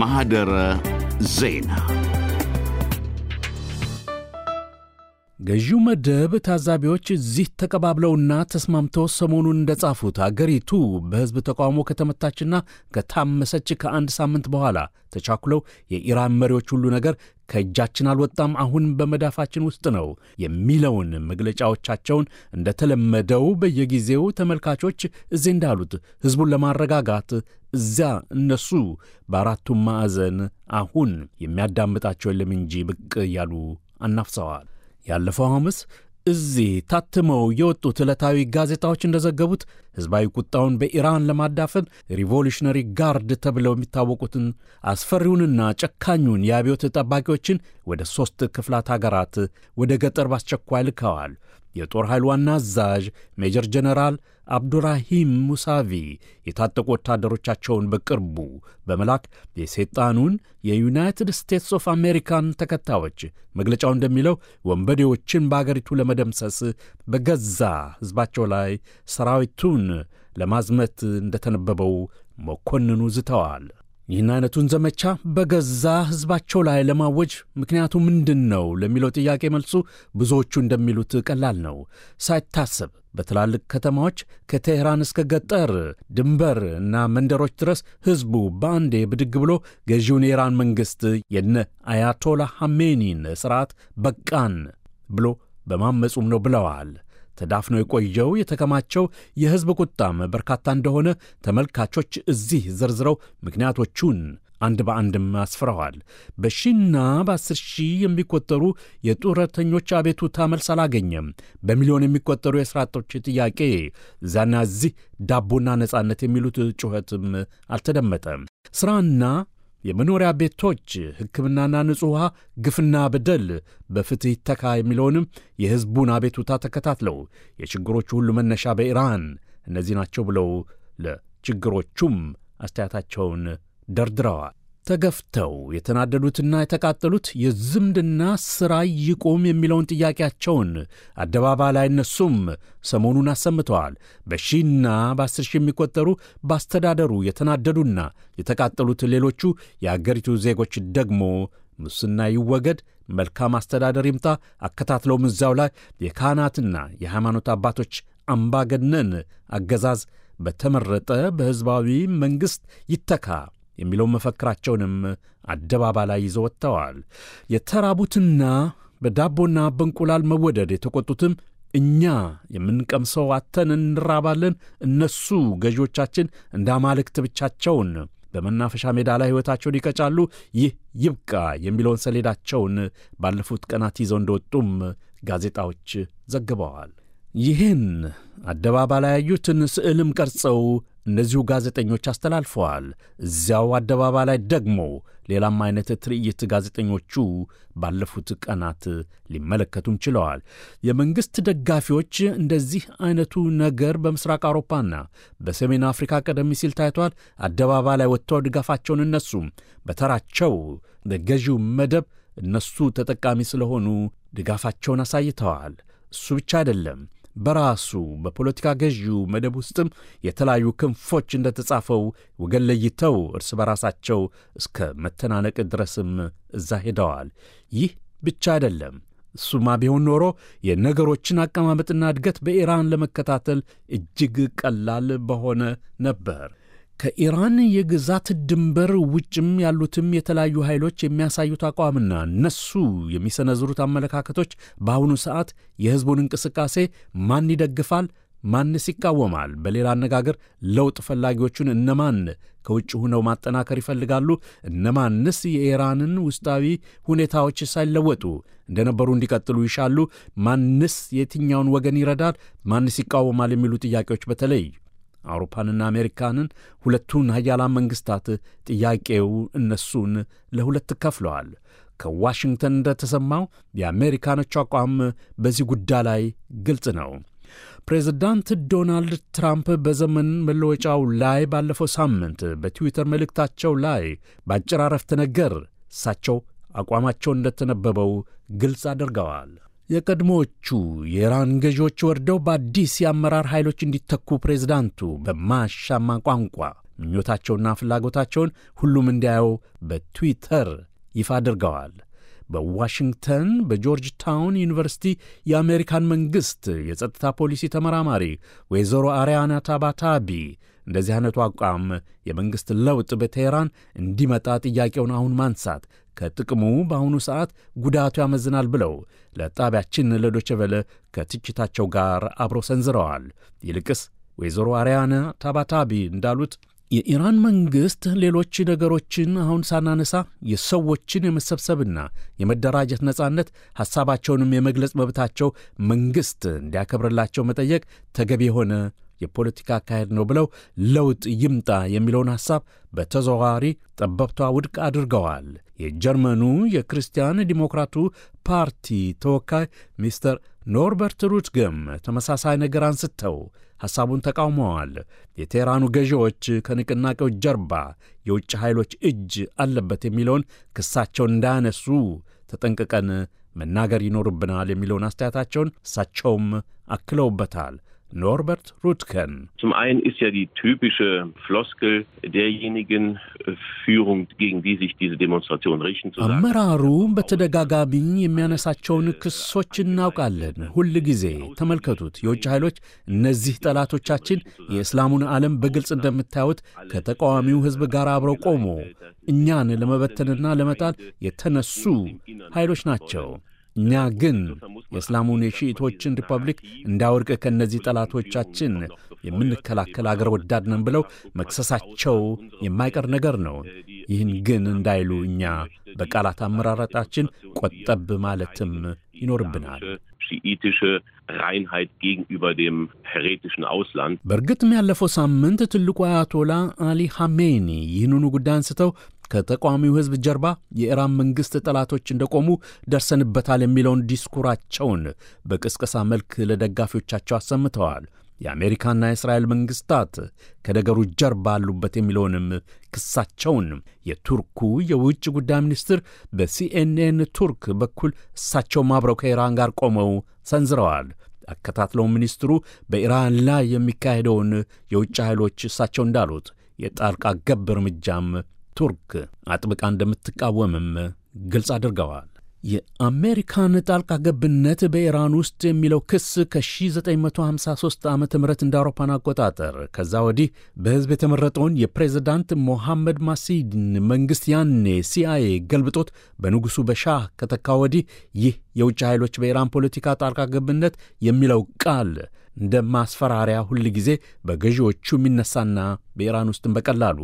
ማህደረ ዜና ገዢው መደብ ታዛቢዎች እዚህ ተቀባብለውና ተስማምተው ሰሞኑን እንደጻፉት አገሪቱ በሕዝብ ተቃውሞ ከተመታችና ከታመሰች ከአንድ ሳምንት በኋላ ተቻኩለው የኢራን መሪዎች ሁሉ ነገር ከእጃችን አልወጣም፣ አሁን በመዳፋችን ውስጥ ነው የሚለውን መግለጫዎቻቸውን እንደተለመደው በየጊዜው ተመልካቾች እዚህ እንዳሉት ሕዝቡን ለማረጋጋት እዚያ እነሱ በአራቱም ማዕዘን አሁን የሚያዳምጣቸው የለም እንጂ ብቅ እያሉ አናፍሰዋል። ያለፈው ሐሙስ እዚህ ታትመው የወጡት ዕለታዊ ጋዜጣዎች እንደዘገቡት ሕዝባዊ ቁጣውን በኢራን ለማዳፈን ሪቮሉሽነሪ ጋርድ ተብለው የሚታወቁትን አስፈሪውንና ጨካኙን የአብዮት ጠባቂዎችን ወደ ሦስት ክፍላት አገራት ወደ ገጠር ባስቸኳይ ልከዋል። የጦር ኃይል ዋና አዛዥ ሜጀር ጀነራል አብዱራሂም ሙሳቪ የታጠቁ ወታደሮቻቸውን በቅርቡ በመላክ የሴጣኑን የዩናይትድ ስቴትስ ኦፍ አሜሪካን ተከታዮች መግለጫው እንደሚለው ወንበዴዎችን በአገሪቱ ለመደምሰስ በገዛ ሕዝባቸው ላይ ሰራዊቱን ለማዝመት እንደተነበበው መኮንኑ ዝተዋል። ይህን አይነቱን ዘመቻ በገዛ ሕዝባቸው ላይ ለማወጅ ምክንያቱ ምንድን ነው ለሚለው ጥያቄ መልሱ ብዙዎቹ እንደሚሉት ቀላል ነው። ሳይታሰብ በትላልቅ ከተማዎች ከቴህራን እስከ ገጠር ድንበር እና መንደሮች ድረስ ሕዝቡ በአንዴ ብድግ ብሎ ገዢውን የኢራን መንግሥት የነ አያቶላ ሐሜኒን ሥርዓት በቃን ብሎ በማመፁም ነው ብለዋል። ተዳፍኖ የቆየው የተከማቸው የሕዝብ ቁጣም በርካታ እንደሆነ ተመልካቾች እዚህ ዘርዝረው ምክንያቶቹን አንድ በአንድም አስፍረዋል። በሺና በአስር ሺህ የሚቆጠሩ የጡረተኞች አቤቱታ መልስ አላገኘም። በሚሊዮን የሚቆጠሩ የሥራ አጦች ጥያቄ እዚያና እዚህ ዳቦና ነጻነት የሚሉት ጩኸትም አልተደመጠም። ሥራና የመኖሪያ ቤቶች ሕክምናና ንጹሕ ውሃ ግፍና በደል በፍትህ ይተካ የሚለውንም የሕዝቡን አቤቱታ ተከታትለው የችግሮቹ ሁሉ መነሻ በኢራን እነዚህ ናቸው ብለው ለችግሮቹም አስተያየታቸውን ደርድረዋል። ተገፍተው የተናደዱትና የተቃጠሉት የዝምድና ሥራ ይቁም የሚለውን ጥያቄያቸውን አደባባይ ላይ እነሱም ሰሞኑን አሰምተዋል። በሺና በአስር ሺህ የሚቆጠሩ በአስተዳደሩ የተናደዱና የተቃጠሉት ሌሎቹ የአገሪቱ ዜጎች ደግሞ ሙስና ይወገድ፣ መልካም አስተዳደር ይምጣ፣ አከታትለውም እዚያው ላይ የካህናትና የሃይማኖት አባቶች አምባገነን አገዛዝ በተመረጠ በሕዝባዊ መንግሥት ይተካ የሚለው መፈክራቸውንም አደባባ ላይ ይዘው ወጥተዋል። የተራቡትና በዳቦና በእንቁላል መወደድ የተቆጡትም እኛ የምንቀምሰው አተን እንራባለን፣ እነሱ ገዢዎቻችን እንደ አማልክት ብቻቸውን በመናፈሻ ሜዳ ላይ ሕይወታቸውን ይቀጫሉ፣ ይህ ይብቃ የሚለውን ሰሌዳቸውን ባለፉት ቀናት ይዘው እንደወጡም ጋዜጣዎች ዘግበዋል። ይህን አደባባ ላይ ያዩትን ስዕልም ቀርጸው እነዚሁ ጋዜጠኞች አስተላልፈዋል። እዚያው አደባባይ ላይ ደግሞ ሌላም አይነት ትርኢት ጋዜጠኞቹ ባለፉት ቀናት ሊመለከቱም ችለዋል። የመንግሥት ደጋፊዎች እንደዚህ አይነቱ ነገር በምስራቅ አውሮፓና በሰሜን አፍሪካ ቀደም ሲል ታይቷል። አደባባይ ላይ ወጥተው ድጋፋቸውን እነሱም በተራቸው ገዢው መደብ እነሱ ተጠቃሚ ስለሆኑ ድጋፋቸውን አሳይተዋል። እሱ ብቻ አይደለም። በራሱ በፖለቲካ ገዢው መደብ ውስጥም የተለያዩ ክንፎች እንደተጻፈው ወገን ለይተው እርስ በራሳቸው እስከ መተናነቅ ድረስም እዛ ሄደዋል። ይህ ብቻ አይደለም። እሱማ ቢሆን ኖሮ የነገሮችን አቀማመጥና እድገት በኢራን ለመከታተል እጅግ ቀላል በሆነ ነበር። ከኢራን የግዛት ድንበር ውጭም ያሉትም የተለያዩ ኃይሎች የሚያሳዩት አቋምና እነሱ የሚሰነዝሩት አመለካከቶች በአሁኑ ሰዓት የሕዝቡን እንቅስቃሴ ማን ይደግፋል፣ ማንስ ይቃወማል? በሌላ አነጋገር ለውጥ ፈላጊዎቹን እነማን ከውጭ ሆነው ማጠናከር ይፈልጋሉ? እነማንስ የኢራንን ውስጣዊ ሁኔታዎች ሳይለወጡ እንደነበሩ እንዲቀጥሉ ይሻሉ? ማንስ የትኛውን ወገን ይረዳል? ማንስ ይቃወማል? የሚሉ ጥያቄዎች በተለይ አውሮፓንና አሜሪካንን ሁለቱን ሀያላን መንግሥታት ጥያቄው እነሱን ለሁለት ከፍለዋል። ከዋሽንግተን እንደተሰማው የአሜሪካኖቹ አቋም በዚህ ጉዳይ ላይ ግልጽ ነው። ፕሬዝዳንት ዶናልድ ትራምፕ በዘመን መለወጫው ላይ ባለፈው ሳምንት በትዊተር መልእክታቸው ላይ በአጭር አረፍተ ነገር እሳቸው አቋማቸው እንደተነበበው ግልጽ አድርገዋል። የቀድሞዎቹ የኢራን ገዢዎች ወርደው በአዲስ የአመራር ኃይሎች እንዲተኩ ፕሬዝዳንቱ በማሻማ ቋንቋ ምኞታቸውና ፍላጎታቸውን ሁሉም እንዲያየው በትዊተር ይፋ አድርገዋል። በዋሽንግተን በጆርጅ ታውን ዩኒቨርሲቲ የአሜሪካን መንግሥት የጸጥታ ፖሊሲ ተመራማሪ ወይዘሮ አርያና ታባታቢ እንደዚህ አይነቱ አቋም የመንግሥት ለውጥ በቴህራን እንዲመጣ ጥያቄውን አሁን ማንሳት ከጥቅሙ በአሁኑ ሰዓት ጉዳቱ ያመዝናል ብለው ለጣቢያችን ለዶቸቨለ ከትችታቸው ጋር አብረው ሰንዝረዋል። ይልቅስ ወይዘሮ አርያነ ታባታቢ እንዳሉት የኢራን መንግሥት ሌሎች ነገሮችን አሁን ሳናነሳ የሰዎችን የመሰብሰብና የመደራጀት ነጻነት፣ ሐሳባቸውንም የመግለጽ መብታቸው መንግሥት እንዲያከብርላቸው መጠየቅ ተገቢ የሆነ የፖለቲካ አካሄድ ነው ብለው ለውጥ ይምጣ የሚለውን ሐሳብ በተዘዋዋሪ ጠበብቷ ውድቅ አድርገዋል። የጀርመኑ የክርስቲያን ዲሞክራቱ ፓርቲ ተወካይ ሚስተር ኖርበርት ሩትገም ተመሳሳይ ነገር አንስተው ሐሳቡን ተቃውመዋል። የቴህራኑ ገዢዎች ከንቅናቄው ጀርባ የውጭ ኃይሎች እጅ አለበት የሚለውን ክሳቸውን እንዳያነሱ ተጠንቅቀን መናገር ይኖርብናል የሚለውን አስተያየታቸውን እሳቸውም አክለውበታል። Norbert Rutken. Zum einen ist ja die typische Floskel derjenigen äh, Führung, gegen die sich diese Demonstration richten, zu sagen. አመራሩ በተደጋጋሚ የሚያነሳቸውን ክሶች እናውቃለን። ሁል ጊዜ ተመልከቱት። የውጭ ኃይሎች እነዚህ ጠላቶቻችን የእስላሙን ዓለም በግልጽ እንደምታዩት ከተቃዋሚው ሕዝብ ጋር አብረው ቆሞ እኛን ለመበተንና ለመጣል የተነሱ ኃይሎች ናቸው። እኛ ግን የእስላሙን የሺኢቶችን ሪፐብሊክ እንዳወርቅ ከእነዚህ ጠላቶቻችን የምንከላከል አገር ወዳድ ነን ብለው መክሰሳቸው የማይቀር ነገር ነው። ይህን ግን እንዳይሉ እኛ በቃላት አመራረጣችን ቆጠብ ማለትም ይኖርብናል። በእርግጥም ያለፈው ሳምንት ትልቁ አያቶላ አሊ ሐሜኒ ይህንኑ ጉዳይ አንስተው ከተቃዋሚው ህዝብ ጀርባ የኢራን መንግሥት ጠላቶች እንደቆሙ ደርሰንበታል የሚለውን ዲስኩራቸውን በቅስቀሳ መልክ ለደጋፊዎቻቸው አሰምተዋል። የአሜሪካና የእስራኤል መንግሥታት ከነገሩ ጀርባ አሉበት የሚለውንም ክሳቸውን የቱርኩ የውጭ ጉዳይ ሚኒስትር በሲኤንኤን ቱርክ በኩል እሳቸውም አብረው ከኢራን ጋር ቆመው ሰንዝረዋል። አከታትለው ሚኒስትሩ በኢራን ላይ የሚካሄደውን የውጭ ኃይሎች እሳቸው እንዳሉት የጣልቃ ገብ እርምጃም ቱርክ አጥብቃ እንደምትቃወምም ግልጽ አድርገዋል። የአሜሪካን ጣልቃ ገብነት በኢራን ውስጥ የሚለው ክስ ከ1953 ዓ ም እንደ አውሮፓን አቆጣጠር ከዛ ወዲህ በሕዝብ የተመረጠውን የፕሬዚዳንት ሞሐመድ ማሲድን መንግሥት ያኔ ሲአይኤ ገልብጦት በንጉሡ በሻህ ከተካ ወዲህ ይህ የውጭ ኃይሎች በኢራን ፖለቲካ ጣልቃ ገብነት የሚለው ቃል እንደ ማስፈራሪያ ሁል ጊዜ በገዢዎቹ የሚነሳና በኢራን ውስጥም በቀላሉ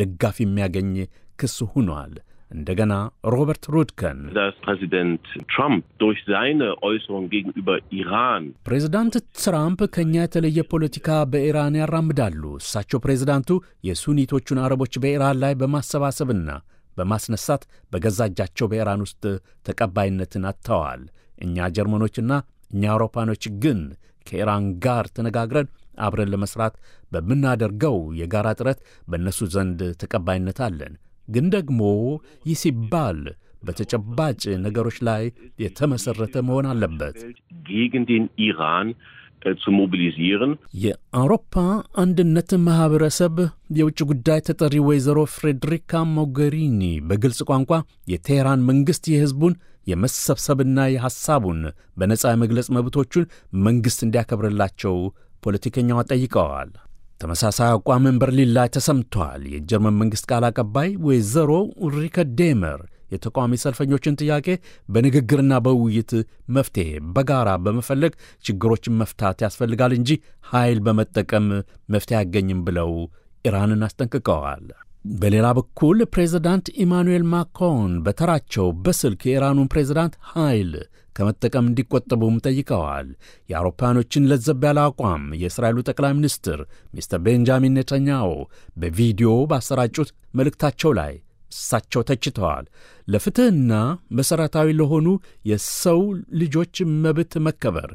ደጋፊ የሚያገኝ ክስ ሆኗል። እንደገና ሮበርት ሩድከን ፕሬዚዳንት ትራምፕ ከእኛ የተለየ ፖለቲካ በኢራን ያራምዳሉ። እሳቸው ፕሬዚዳንቱ የሱኒቶቹን አረቦች በኢራን ላይ በማሰባሰብና በማስነሳት በገዛ እጃቸው በኢራን ውስጥ ተቀባይነትን አጥተዋል። እኛ ጀርመኖችና እኛ አውሮፓኖች ግን ከኢራን ጋር ተነጋግረን አብረን ለመስራት በምናደርገው የጋራ ጥረት በእነሱ ዘንድ ተቀባይነት አለን። ግን ደግሞ ይህ ሲባል በተጨባጭ ነገሮች ላይ የተመሠረተ መሆን አለበት። ጌግን ዴን ኢራን zu eh, mobilisieren. የአውሮፓ አንድነት ማህበረሰብ የውጭ ጉዳይ ተጠሪ ወይዘሮ ፍሬድሪካ ሞገሪኒ በግልጽ ቋንቋ የቴህራን መንግሥት የሕዝቡን የመሰብሰብና የሐሳቡን በነጻ የመግለጽ መብቶቹን መንግሥት እንዲያከብርላቸው ፖለቲከኛዋ ጠይቀዋል። ተመሳሳይ አቋም በርሊን ላይ ተሰምቷል። የጀርመን መንግሥት ቃል አቀባይ ወይዘሮ ኡልሪከ ዴመር የተቃዋሚ ሰልፈኞችን ጥያቄ በንግግርና በውይይት መፍትሄ በጋራ በመፈለግ ችግሮችን መፍታት ያስፈልጋል እንጂ ኃይል በመጠቀም መፍትሄ አያገኝም ብለው ኢራንን አስጠንቅቀዋል። በሌላ በኩል ፕሬዚዳንት ኢማኑኤል ማክሮን በተራቸው በስልክ የኢራኑን ፕሬዚዳንት ኃይል ከመጠቀም እንዲቆጠቡም ጠይቀዋል። የአውሮፓውያኖችን ለዘብ ያለ አቋም የእስራኤሉ ጠቅላይ ሚኒስትር ሚስተር ቤንጃሚን ኔታንያሁ በቪዲዮ ባሰራጩት መልእክታቸው ላይ እሳቸው ተችተዋል። ለፍትሕና መሠረታዊ ለሆኑ የሰው ልጆች መብት መከበር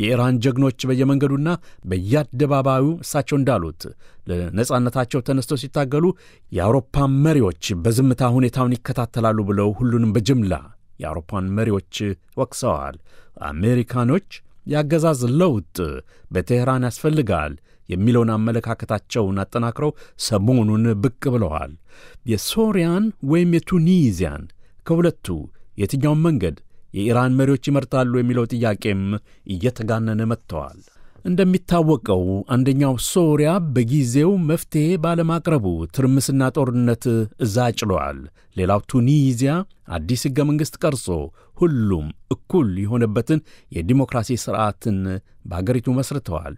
የኢራን ጀግኖች በየመንገዱና በየአደባባዩ እሳቸው እንዳሉት ለነጻነታቸው ተነስተው ሲታገሉ የአውሮፓ መሪዎች በዝምታ ሁኔታውን ይከታተላሉ ብለው ሁሉንም በጅምላ የአውሮፓን መሪዎች ወቅሰዋል። አሜሪካኖች የአገዛዝ ለውጥ በቴህራን ያስፈልጋል የሚለውን አመለካከታቸውን አጠናክረው ሰሞኑን ብቅ ብለዋል። የሶሪያን ወይም የቱኒዚያን ከሁለቱ የትኛውን መንገድ የኢራን መሪዎች ይመርጣሉ የሚለው ጥያቄም እየተጋነነ መጥተዋል። እንደሚታወቀው አንደኛው ሶሪያ በጊዜው መፍትሔ ባለማቅረቡ ትርምስና ጦርነት እዛ ጭሏል። ሌላው ቱኒዚያ አዲስ ሕገ መንግሥት ቀርጾ ሁሉም እኩል የሆነበትን የዲሞክራሲ ሥርዓትን በአገሪቱ መስርተዋል።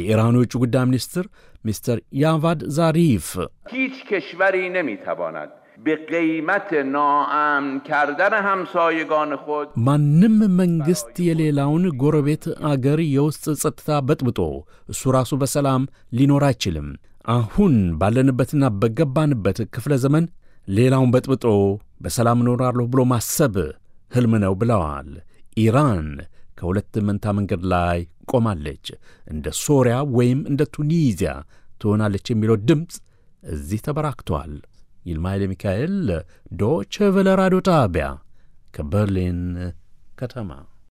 የኢራን የውጭ ጉዳይ ሚኒስትር ሚስተር ያቫድ ዛሪፍ ሂች ከሽበሪ ነሚተባናል به قیمت ناامن کردن همسایگان خود ማንም መንግስት የሌላውን ጎረቤት አገር የውስጥ ጸጥታ በጥብጦ እሱ ራሱ በሰላም ሊኖር አይችልም። አሁን ባለንበትና በገባንበት ክፍለ ዘመን ሌላውን በጥብጦ በሰላም እኖራለሁ ብሎ ማሰብ ሕልም ነው ብለዋል። ኢራን ከሁለት መንታ መንገድ ላይ ቆማለች። እንደ ሶሪያ ወይም እንደ ቱኒዚያ ትሆናለች የሚለው ድምፅ እዚህ ተበራክቷል። ይልማ ኃይለ ሚካኤል ዶቸ ቨለ ራዲዮ ጣቢያ ከበርሊን ከተማ